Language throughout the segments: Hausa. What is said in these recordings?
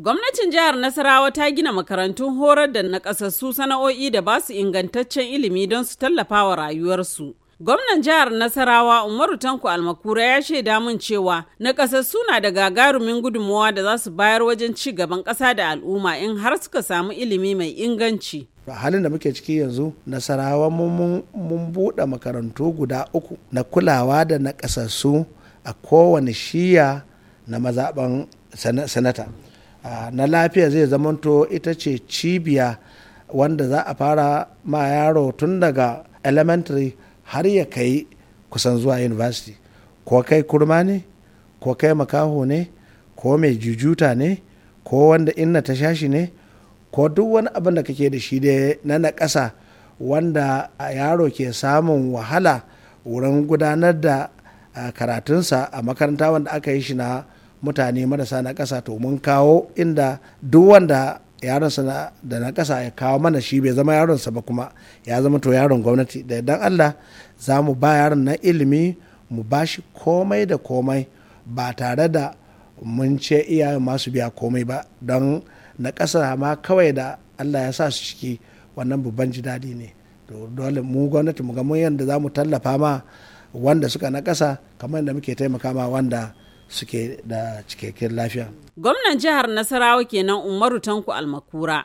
Gwamnatin jihar Nasarawa ta gina makarantun horar da nakasassu sana'o'i da ba su ingantaccen ilimi don su tallafa wa rayuwarsu. Gwamnan jihar Nasarawa Umaru Tanko Almakura ya shaida mun cewa nakasassu na da gagarumin gudunmawa da za su bayar wajen ci gaban ƙasa da al'umma in har suka samu ilimi mai inganci. a halin da muke ciki yanzu nasarawa mun buɗe makarantu guda uku na kulawa da nakasassu a kowane shiya na mazaɓan sanata Ah, na lafiya zai zamanto ita ce cibiya wanda za a fara ma yaro tun daga elementary har ya kai kusan zuwa university ko kai kurma ne ko kai makaho ne ko mai jujuta ne ko wanda inna ta shashi ne ko duk wani abin da kake da shi da na naƙasa wanda yaro ke samun wahala wurin gudanar da ah, karatunsa a makaranta wanda aka yi shi na mutane marasa na ƙasa to mun kawo inda duk wanda yaronsa da na ƙasa ya kawo mana shi bai zama yaronsa ba kuma ya zama to yaron gwamnati da idan allah za mu ba yaron na ilimi mu ba shi komai da komai ba tare da mun ce iyayen masu biya komai ba don na ƙasa ma kawai da allah ya sa su ciki wannan babban ji daɗi ne dole mu gwamnati mu ga mun yadda za mu tallafa ma wanda suka na ƙasa kamar yadda muke taimaka ma wanda suke da cikakken lafiya. Gwamnan jihar Nasarawa kenan Umaru Tanko Almakura.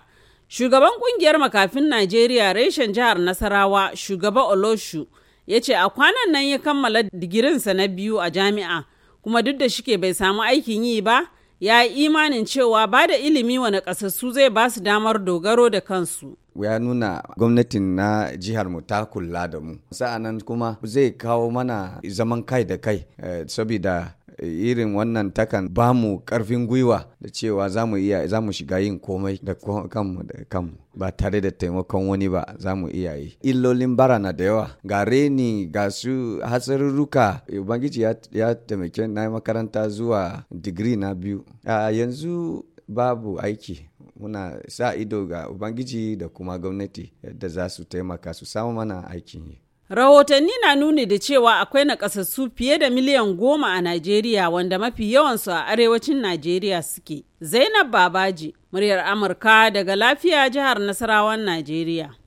Shugaban kungiyar makafin Najeriya reshen jihar Nasarawa shugaba Oloshu ya ce a kwanan nan ya kammala digirinsa na biyu a jami'a kuma duk da shike bai samu aikin yi ba ya yi imanin cewa ba da ilimi wani kasassu zai ba su damar dogaro da kansu. ya nuna gwamnatin na jihar mu ta kula da mu sa'anan kuma zai kawo mana zaman kai da kai eh, saboda irin wannan takan ba mu karfin gwiwa da cewa za mu iya za mu shiga yin komai da kanmu da kanmu ba tare da taimakon wani ba za mu iya yi illolin bara na da yawa ga reni ga su hatsarurruka ubangiji ya taimake na makaranta zuwa digiri na biyu a yanzu babu aiki muna sa ido ga ubangiji da kuma gwamnati yadda za su taimaka su samu mana aikin yi Rahotanni na nuni da cewa akwai nakasassu fiye da miliyan goma a Najeriya wanda mafi yawansu a arewacin Najeriya suke. Zainab Babaji, muryar Amurka daga lafiya jihar Nasarawan Najeriya.